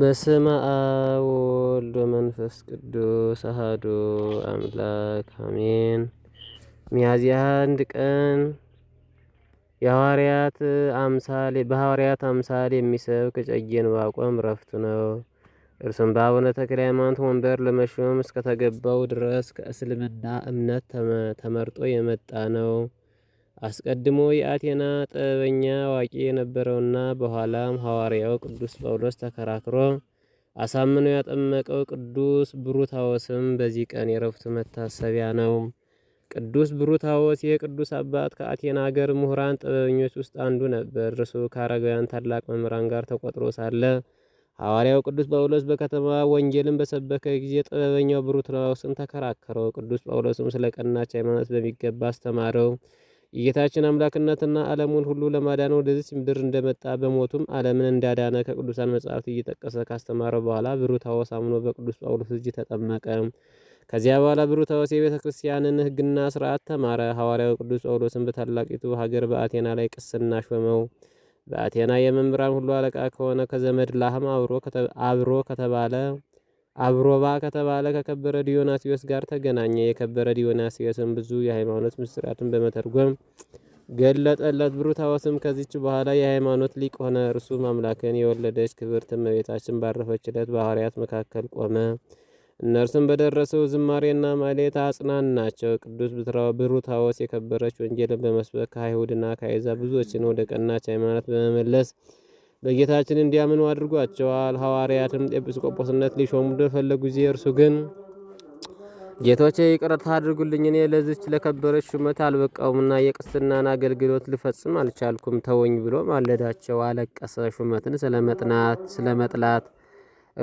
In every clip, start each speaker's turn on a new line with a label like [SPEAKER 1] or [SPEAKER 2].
[SPEAKER 1] በስመ አብ ወወልድ ወመንፈስ ቅዱስ አሐዱ አምላክ አሜን። ሚያዝያ አንድ ቀን የሐዋርያት አምሳል በሐዋርያት አምሳሌ የሚሰብክ እጨጌ ዕንባቆም ዕረፍቱ ነው። እርሱም በአቡነ ተክለ ሃይማኖት ወንበር ለመሾም እስከተገባው ድረስ ከእስልምና እምነት ተመርጦ የመጣ ነው። አስቀድሞ የአቴና ጥበበኛ አዋቂ የነበረውና በኋላም ሐዋርያው ቅዱስ ጳውሎስ ተከራክሮ አሳምኖ ያጠመቀው ቅዱስ ብሩታዎስም በዚህ ቀን የረፍቱ መታሰቢያ ነው። ቅዱስ ብሩታዎስ የቅዱስ አባት ከአቴና አገር ምሁራን ጥበበኞች ውስጥ አንዱ ነበር። እርሱ ከአረጋውያን ታላቅ መምህራን ጋር ተቆጥሮ ሳለ ሐዋርያው ቅዱስ ጳውሎስ በከተማ ወንጌልን በሰበከ ጊዜ ጥበበኛው ብሩታዎስን ተከራከረው። ቅዱስ ጳውሎስም ስለ ቀናች ሃይማኖት በሚገባ አስተማረው። የጌታችን አምላክነትና ዓለሙን ሁሉ ለማዳን ወደዚች ምድር እንደመጣ በሞቱም ዓለምን እንዳዳነ ከቅዱሳን መጽሐፍት እየጠቀሰ ካስተማረ በኋላ ብሩታዎስ አምኖ በቅዱስ ጳውሎስ እጅ ተጠመቀ። ከዚያ በኋላ ብሩታዎስ የቤተ ክርስቲያንን ሕግና ስርዓት ተማረ። ሐዋርያው ቅዱስ ጳውሎስን በታላቂቱ ሀገር በአቴና ላይ ቅስና ሾመው። በአቴና የመምህራን ሁሉ አለቃ ከሆነ ከዘመድ ላህም አብሮ ከተባለ አብሮባ ከተባለ ከከበረ ዲዮናስዮስ ጋር ተገናኘ። የከበረ ዲዮናስዮስን ብዙ የሃይማኖት ምስጢራትን በመተርጎም ገለጠለት። ብሩታዎስም ከዚች በኋላ የሃይማኖት ሊቅ ሆነ። እርሱም አምላክን የወለደች ክብርት እመቤታችን ባረፈችለት ባህርያት መካከል ቆመ። እነርሱም በደረሰው ዝማሬና ማሌት ናቸው ቅዱስ ብሩታዎስ የከበረች ወንጌልን በመስበክ ከአይሁድና ከአይዛ ብዙዎችን ወደ ቀናች ሃይማኖት በመመለስ በጌታችን እንዲያምኑ አድርጓቸዋል። ሐዋርያትም ኤጲስቆጶስነት ሊሾሙ በፈለጉ ጊዜ እርሱ ግን ጌቶቼ ይቅርታ አድርጉልኝ፣ እኔ ለዚች ለከበረች ሹመት አልበቃውምና የቅስናን አገልግሎት ልፈጽም አልቻልኩም፣ ተወኝ ብሎ ማለዳቸው። አለቀሰ ሹመትን ስለመጥናት ስለመጥላት።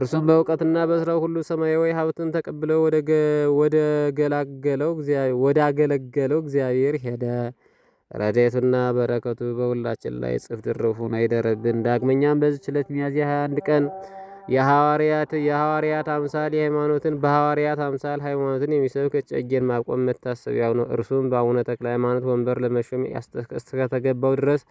[SPEAKER 1] እርሱም በእውቀትና በስራው ሁሉ ሰማያዊ ሀብትን ተቀብለው ወደ ገላገለው ወደ አገለገለው እግዚአብሔር ሄደ። ረድኤቱና በረከቱ በሁላችን ላይ ጽፍ ድርብ ሆኖ ይደረብን። ዳግመኛም በዚች ዕለት ሚያዝያ 21 ቀን የሐዋርያት የሐዋርያት አምሳል የሃይማኖትን በሐዋርያት አምሳል ሃይማኖትን የሚሰብክ እጨጌን ማቆም መታሰቢያው ነው። እርሱም በአቡነ ተክለ ሃይማኖት ወንበር ለመሾም እስከተገባው ድረስ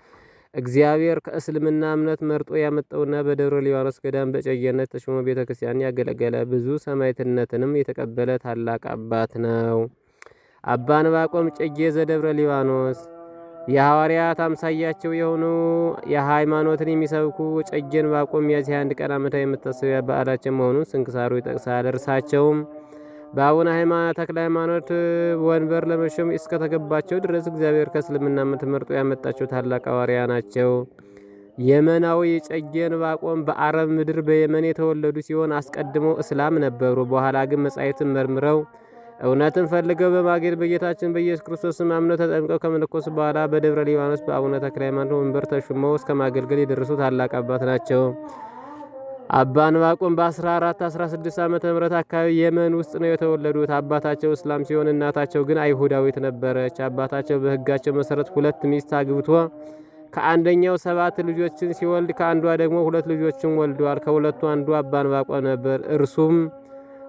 [SPEAKER 1] እግዚአብሔር ከእስልምና እምነት መርጦ ያመጣውና በደብረ ሊባኖስ ገዳም በጨጌነት ተሾሞ ቤተ ክርስቲያን ያገለገለ ብዙ ሰማዕትነትንም የተቀበለ ታላቅ አባት ነው። አባ ዕንባቆም እጨጌ ዘደብረ ሊባኖስ የሐዋርያት አምሳያቸው የሆኑ የሃይማኖትን የሚሰብኩ እጨጌ ባቆም የዚህ አንድ ቀን ዓመታዊ የመታሰቢያ በዓላቸው መሆኑን ስንክሳሩ ይጠቅሳል። እርሳቸውም በአቡነ ተክለ ሃይማኖት ወንበር ለመሾም እስከተገባቸው ድረስ እግዚአብሔር ከእስልምና መርጦ ያመጣቸው ታላቅ ሐዋርያ ናቸው። የመናዊ እጨጌ ባቆም በአረብ ምድር በየመን የተወለዱ ሲሆን አስቀድሞ እስላም ነበሩ። በኋላ ግን መጻሕፍትን መርምረው እውነትን ፈልገው በማግኘት በጌታችን በኢየሱስ ክርስቶስ ስም አምነው ተጠምቀው ከመነኮሱ በኋላ በደብረ ሊባኖስ በአቡነ ተክለ ሃይማኖት ወንበር ተሹመው እስከ ማገልገል የደረሱ ታላቅ አባት ናቸው። አባ ዕንባቆም በ1416 ዓ ም አካባቢ የመን ውስጥ ነው የተወለዱት። አባታቸው እስላም ሲሆን እናታቸው ግን አይሁዳዊት ነበረች። አባታቸው በሕጋቸው መሰረት ሁለት ሚስት አግብቶ ከአንደኛው ሰባት ልጆችን ሲወልድ ከአንዷ ደግሞ ሁለት ልጆችን ወልደዋል። ከሁለቱ አንዱ አባ ዕንባቆም ነበር። እርሱም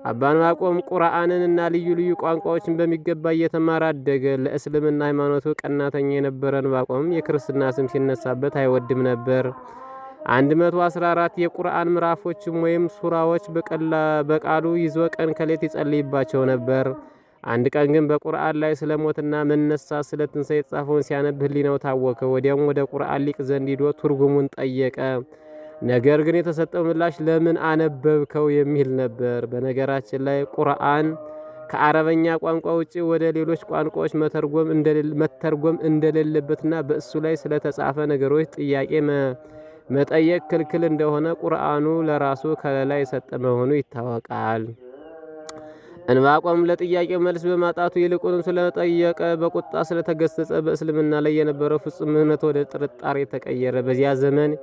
[SPEAKER 1] አባ ዕንባቆም ቁርአንንና ልዩ ልዩ ቋንቋዎችን በሚገባ እየተማረ አደገ። ለእስልምና ሃይማኖቱ ቀናተኛ የነበረ ዕንባቆም የክርስትና ስም ሲነሳበት አይወድም ነበር። 114 የቁርአን ምዕራፎችም ወይም ሱራዎች በቃሉ ይዞ ቀን ከሌት ይጸልይባቸው ነበር። አንድ ቀን ግን በቁርአን ላይ ስለ ሞትና መነሳት፣ ስለ ትንሣኤ የተጻፈውን ሲያነብ ህሊናው ታወከ። ወዲያውም ወደ ቁርአን ሊቅ ዘንድ ሂዶ ትርጉሙን ጠየቀ። ነገር ግን የተሰጠው ምላሽ ለምን አነበብከው የሚል ነበር። በነገራችን ላይ ቁርአን ከአረበኛ ቋንቋ ውጪ ወደ ሌሎች ቋንቋዎች መተርጎም እንደሌለበትና በእሱ ላይ ስለተጻፈ ነገሮች ጥያቄ መጠየቅ ክልክል እንደሆነ ቁርአኑ ለራሱ ከለላ የሰጠ መሆኑ ይታወቃል። እንባቆም ለጥያቄው መልስ በማጣቱ ይልቁንም ስለጠየቀ በቁጣ ስለተገሰጸ በእስልምና ላይ የነበረው ፍጹምነት ወደ ጥርጣሬ ተቀየረ። በዚያ ዘመን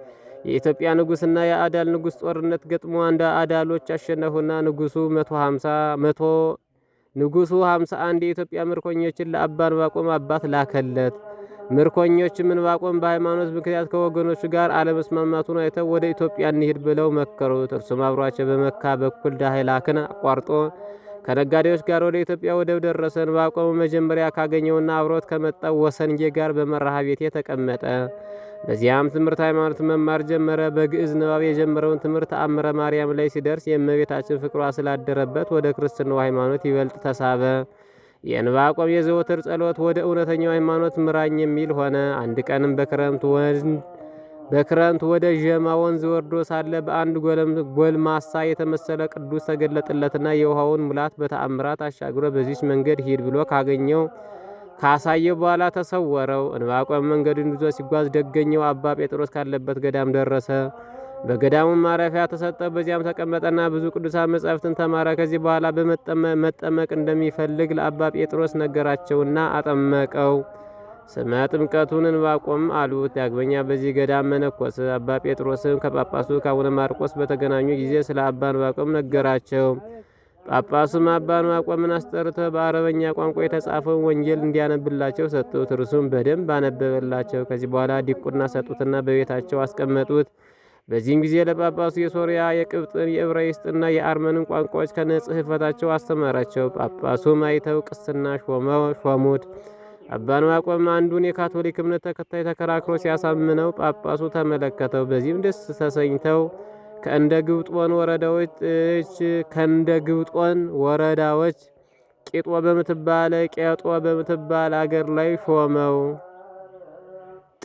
[SPEAKER 1] የኢትዮጵያ ንጉስና የአዳል ንጉስ ጦርነት ገጥሞ አንድ አዳሎች አሸነፉና ንጉሱ 150 100 ንጉሱ 51 የኢትዮጵያ ምርኮኞችን ለአባ እንባቆም አባት ላከለት። ምርኮኞችም እንባቆም በሃይማኖት ምክንያት ከወገኖቹ ጋር አለመስማማቱን አይተው ወደ ኢትዮጵያ እንሂድ ብለው መከሩት። እርሱም አብሯቸው በመካ በኩል ዳህላክን አቋርጦ ከነጋዴዎች ጋር ወደ ኢትዮጵያ ወደብ ደረሰ። እንባቆም መጀመሪያ ካገኘውና አብሮት ከመጣው ወሰንጌ ጋር በመርሃ ቤቴ ተቀመጠ። በዚያም ትምህርት ሃይማኖት መማር ጀመረ። በግዕዝ ንባብ የጀመረውን ትምህርት አምረ ማርያም ላይ ሲደርስ የእመቤታችን ፍቅሯ ስላደረበት ወደ ክርስትናው ሃይማኖት ይበልጥ ተሳበ። የዕንባቆም የዘወትር ጸሎት ወደ እውነተኛው ሃይማኖት ምራኝ የሚል ሆነ። አንድ ቀንም በክረምት ወደ ዠማ ወንዝ ወርዶ ሳለ በአንድ ጎልማሳ የተመሰለ ቅዱስ ተገለጠለትና የውሃውን ሙላት በተአምራት አሻግሮ በዚች መንገድ ሂድ ብሎ ካገኘው ካሳየ በኋላ ተሰወረው። እንባቆም መንገዱን ይዞ ሲጓዝ ደገኘው አባ ጴጥሮስ ካለበት ገዳም ደረሰ። በገዳሙም ማረፊያ ተሰጠ። በዚያም ተቀመጠና ብዙ ቅዱሳን መጻሕፍትን ተማረ። ከዚህ በኋላ በመጠመቅ እንደሚፈልግ ለአባ ጴጥሮስ ነገራቸውና አጠመቀው። ስመ ጥምቀቱን እንባቆም አሉት። ዳግመኛ በዚህ ገዳም መነኮስ አባ ጴጥሮስም ከጳጳሱ ከአቡነ ማርቆስ በተገናኙ ጊዜ ስለ አባ ዕንባቆም ነገራቸው። ጳጳሱም አባ ዕንባቆምን አስጠርቶ በአረበኛ ቋንቋ የተጻፈውን ወንጌል እንዲያነብላቸው ሰጡት። እርሱም በደንብ አነበበላቸው። ከዚህ በኋላ ዲቁና ሰጡትና በቤታቸው አስቀመጡት። በዚህም ጊዜ ለጳጳሱ የሶሪያ፣ የቅብጥን፣ የዕብራይስጥና የአርመንን ቋንቋዎች ከነ ጽሕፈታቸው አስተማራቸው። ጳጳሱም አይተው ቅስና ሾሙት። አባ ዕንባቆም አንዱን የካቶሊክ እምነት ተከታይ ተከራክሮ ሲያሳምነው ጳጳሱ ተመለከተው። በዚህም ደስ ተሰኝተው ከእንደ ግብጦን ወረዳዎች ከእንደ ግብጦን ወረዳዎች ቂጦ በምትባለ ቄጦ በምትባል አገር ላይ ሾመው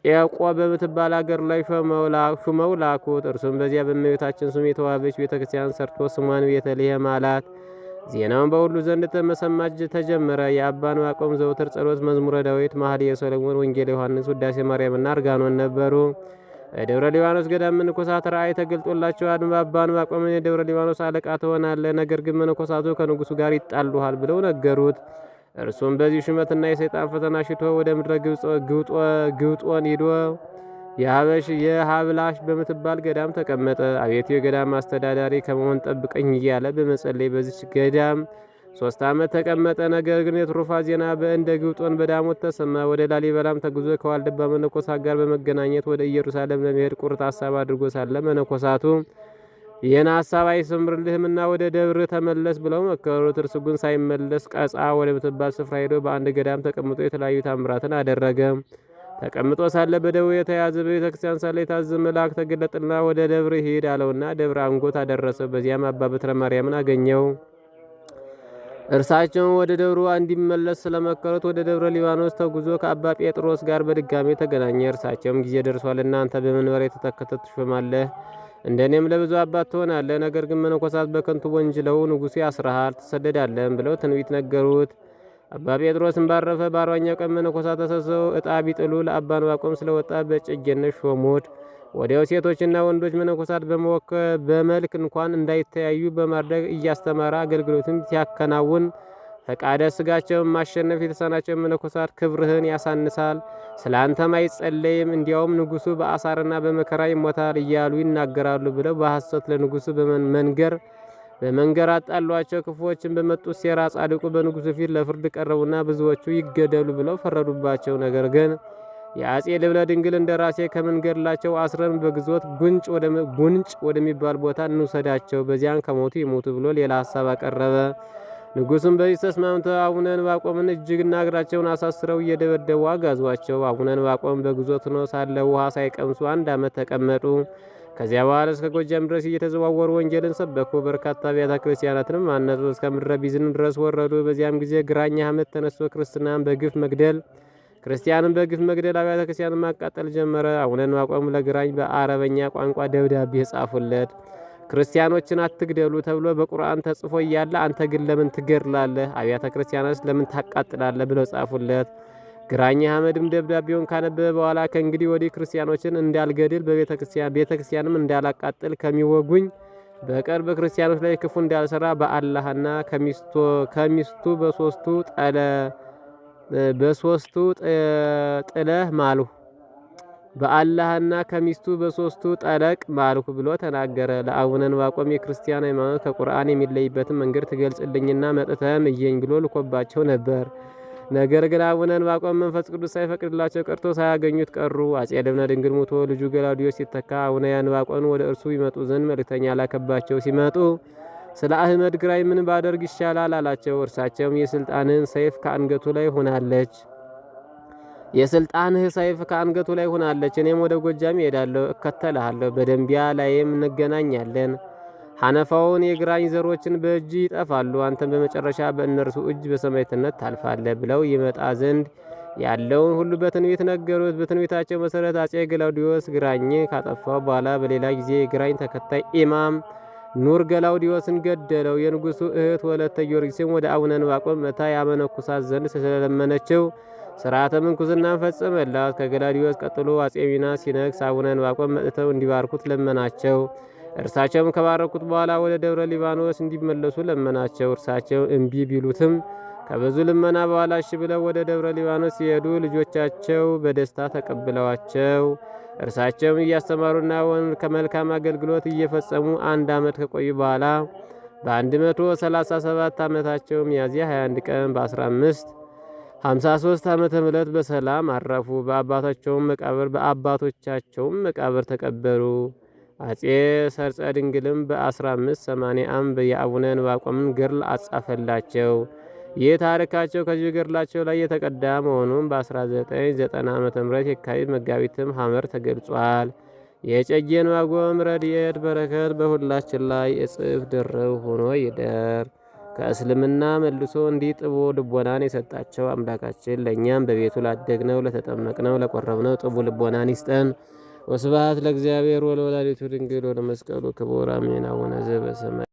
[SPEAKER 1] ጤቆ በምትባል አገር ላይ ሹመው ላኩት። እርሱም በዚያ በእመቤታችን ስም የተዋበች ቤተ ክርስቲያን ሰርቶ ስሟን ቤተልሔም አላት። ዜናውን በሁሉ ዘንድ ተመሰማጅ ተጀመረ። የአባን ዋቆም ዘውትር ጸሎት፣ መዝሙረ ዳዊት፣ መኃልየ የሰለሞን፣ ወንጌል ዮሐንስ፣ ውዳሴ ማርያምና እርጋኖን ነበሩ። በደብረ ሊባኖስ ገዳም መነኮሳት ራእይ ተገልጦላቸው አባ ዕንባቆምን የደብረ ሊባኖስ አለቃ ትሆናለህ፣ ነገር ግን መነኮሳቱ ከንጉሱ ጋር ይጣሉሃል ብለው ነገሩት። እርሱም በዚህ ሹመትና የሰይጣን ፈተና ሽቶ ወደ ምድረ ግብጦን ሂዶ የሀበሽ የሀብላሽ በምትባል ገዳም ተቀመጠ። አቤቱ የገዳም አስተዳዳሪ ከመሆን ጠብቀኝ እያለ በመጸለይ በዚች ገዳም ሶስት ዓመት ተቀመጠ። ነገር ግን የትሩፋ ዜና በእንደ ግብጦን በዳሞት ተሰማ። ወደ ላሊበላም ተጉዞ ከዋልድባ መነኮሳት ጋር በመገናኘት ወደ ኢየሩሳሌም ለመሄድ ቁርጥ ሀሳብ አድርጎ ሳለ መነኮሳቱ ይህን ሀሳብ አይሰምርልህምና ወደ ደብር ተመለስ ብለው መከሩት። እርሱ ግን ሳይመለስ ቀጻ ወደምትባል ስፍራ ሄዶ በአንድ ገዳም ተቀምጦ የተለያዩ ታምራትን አደረገ። ተቀምጦ ሳለ በደቡብ የተያዘ በቤተ ክርስቲያን ሳለ የታዘ መልአክ ተገለጥና ወደ ደብር ሂድ አለውና ደብረ አንጎት አደረሰው። በዚያም አባ በትረ ማርያምን አገኘው። እርሳቸውን ወደ ደብሩ እንዲመለስ ስለመከሩት ወደ ደብረ ሊባኖስ ተጉዞ ከአባ ጴጥሮስ ጋር በድጋሜ ተገናኘ። እርሳቸውም ጊዜ ደርሷል፣ እናንተ በመንበር የተተከተ ትሾማለህ፣ እንደ እኔም ለብዙ አባት ትሆናለህ። ነገር ግን መነኮሳት በከንቱ ወንጅለው ንጉሱ ያስረሃል፣ ትሰደዳለን ብለው ትንቢት ነገሩት። አባ ጴጥሮስን ባረፈ በአርባኛው ቀን መነኮሳት ተሰብስበው እጣ ቢጥሉ ለአባ ዕንባቆም ስለወጣ በእጨጌነት ሾሙት። ወዲያው ሴቶችና ወንዶች መነኮሳት በመልክ እንኳን እንዳይተያዩ በማድረግ እያስተማረ አገልግሎትን ሲያከናውን ፈቃደ ስጋቸውን ማሸነፍ የተሳናቸው መነኮሳት ክብርህን ያሳንሳል፣ ስለ አንተም አይጸለይም፣ እንዲያውም ንጉሱ በአሳርና በመከራ ይሞታል እያሉ ይናገራሉ ብለው በሐሰት ለንጉሱ በመንገር በመንገር አጣሏቸው። ክፉዎችን በመጡ ሴራ ጻድቁ በንጉሱ ፊት ለፍርድ ቀረቡና ብዙዎቹ ይገደሉ ብለው ፈረዱባቸው። ነገር ግን የአጼ ልብነ እንደ ራሴ ከመንገድላቸው አስረን በግዞት ጉንጭ ወደሚባል ቦታ እንውሰዳቸው፣ በዚያን ከሞቱ ይሞቱ ብሎ ሌላ ሀሳብ አቀረበ። ንጉሱም በዚህ ተስማምተ አቡነ ባቆምን እጅግና እግራቸውን አሳስረው እየደበደቡ አጋዟቸው። አቡነ ዕንባቆም በግዞት ሆኖ ሳለ ውሃ ሳይቀምሱ አንድ ዓመት ተቀመጡ። ከዚያ በኋላ እስከ ጎጃም ድረስ እየተዘዋወሩ ወንጌልን ሰበኩ። በርካታ አብያተ ክርስቲያናትንም አነጹ። እስከ ምድረ ቢዝን ድረስ ወረዱ። በዚያም ጊዜ ግራኛ ዓመት ተነስቶ ክርስትናን በግፍ መግደል ክርስቲያንም በግፍ መግደል፣ አብያተ ክርስቲያን ማቃጠል ጀመረ። አቡነ ዕንባቆም ለግራኝ በአረበኛ ቋንቋ ደብዳቤ ጻፉለት። ክርስቲያኖችን አትግደሉ ተብሎ በቁርአን ተጽፎ እያለ አንተ ግን ለምን ትገድላለህ? አብያተ ክርስቲያናስ ለምን ታቃጥላለህ? ብለው ጻፉለት። ግራኝ አህመድም ደብዳቤውን ካነበበ በኋላ ከእንግዲህ ወዲህ ክርስቲያኖችን እንዳልገድል በቤተ ክርስቲያንም እንዳላቃጥል ከሚወጉኝ በቀር በክርስቲያኖች ላይ ክፉ እንዳልሰራ በአላህና ከሚስቱ በሶስቱ ጠለ በሶስቱ ጥለህ ማልሁ በአላህና ከሚስቱ በሶስቱ ጠለቅ ማልሁ ብሎ ተናገረ። ለአቡነ ዕንባቆም የክርስቲያን ሃይማኖት ከቁርአን የሚለይበትን መንገድ ትገልጽልኝና መጥተህም እየኝ ብሎ ልኮባቸው ነበር። ነገር ግን አቡነ ዕንባቆም መንፈስ ቅዱስ ሳይፈቅድላቸው ቀርቶ ሳያገኙት ቀሩ። አጼ ደብነ ድንግል ሙቶ ልጁ ገላውዲዮስ ሲተካ አቡነ ዕንባቆም ወደ እርሱ ይመጡ ዘንድ መልእክተኛ ላከባቸው። ሲመጡ ስለ አህመድ ግራኝ ምን ባደርግ ይሻላል አላቸው። እርሳቸውም የስልጣንህን ሰይፍ ከአንገቱ ላይ ሆናለች የስልጣንህ ሰይፍ ከአንገቱ ላይ ሆናለች። እኔም ወደ ጎጃም እሄዳለሁ፣ እከተልሃለሁ። በደንቢያ ላይም እንገናኛለን። ሐነፋውን የግራኝ ዘሮችን በእጅ ይጠፋሉ፣ አንተም በመጨረሻ በእነርሱ እጅ በሰማዕትነት ታልፋለህ ብለው ይመጣ ዘንድ ያለውን ሁሉ በትንቢት ነገሩት። በትንቢታቸው መሰረት አጼ ግላውዲዮስ ግራኝ ካጠፋው በኋላ በሌላ ጊዜ የግራኝ ተከታይ ኢማም ኑር ገላውዲዮስን ገደለው። የንጉሱ እህት ወለተ ጊዮርጊስም ወደ አቡነ ንባቆ መታ ያመነኩሳት ዘንድ ስለለመነችው ስርዓተ ምንኩስናን ፈጸመላት። ከገላውዲዮስ ቀጥሎ አጼ ሚናስ ሲነግስ አቡነ ዕንባቆም መጥተው እንዲባርኩት ለመናቸው። እርሳቸውም ከባረኩት በኋላ ወደ ደብረ ሊባኖስ እንዲመለሱ ለመናቸው። እርሳቸው እምቢ ቢሉትም ከብዙ ልመና በኋላ እሺ ብለው ወደ ደብረ ሊባኖስ ሲሄዱ ልጆቻቸው በደስታ ተቀብለዋቸው እርሳቸውም እያስተማሩና ከመልካም አገልግሎት እየፈጸሙ አንድ ዓመት ከቆዩ በኋላ በ137 ዓመታቸው ሚያዝያ 21 ቀን በ1553 ዓመተ ምህረት በሰላም አረፉ። በአባታቸውም መቃብር በአባቶቻቸውም መቃብር ተቀበሩ። አጼ ሰርጸ ድንግልም በ 1585 ዓ.ም የአቡነ ዕንባቆምን አጻፈላቸው። ይህ ታሪካቸው ከዚህ ገድላቸው ላይ የተቀዳ መሆኑን በ1990 ዓ ም የካቲት መጋቢትም ሐመር ተገልጿል። የጨጌን ዋጎም ረድኤት በረከት በሁላችን ላይ እጽፍ ድርብ ሆኖ ይደር። ከእስልምና መልሶ እንዲህ ጥቦ ልቦናን የሰጣቸው አምላካችን ለእኛም በቤቱ ላደግነው፣ ለተጠመቅነው፣ ለቆረብነው ጥቡ ልቦናን ይስጠን። ወስብሐት ለእግዚአብሔር ወለወላዲቱ ድንግል ወለመስቀሉ ክቡር አሜን። አቡነ ዘበሰማይ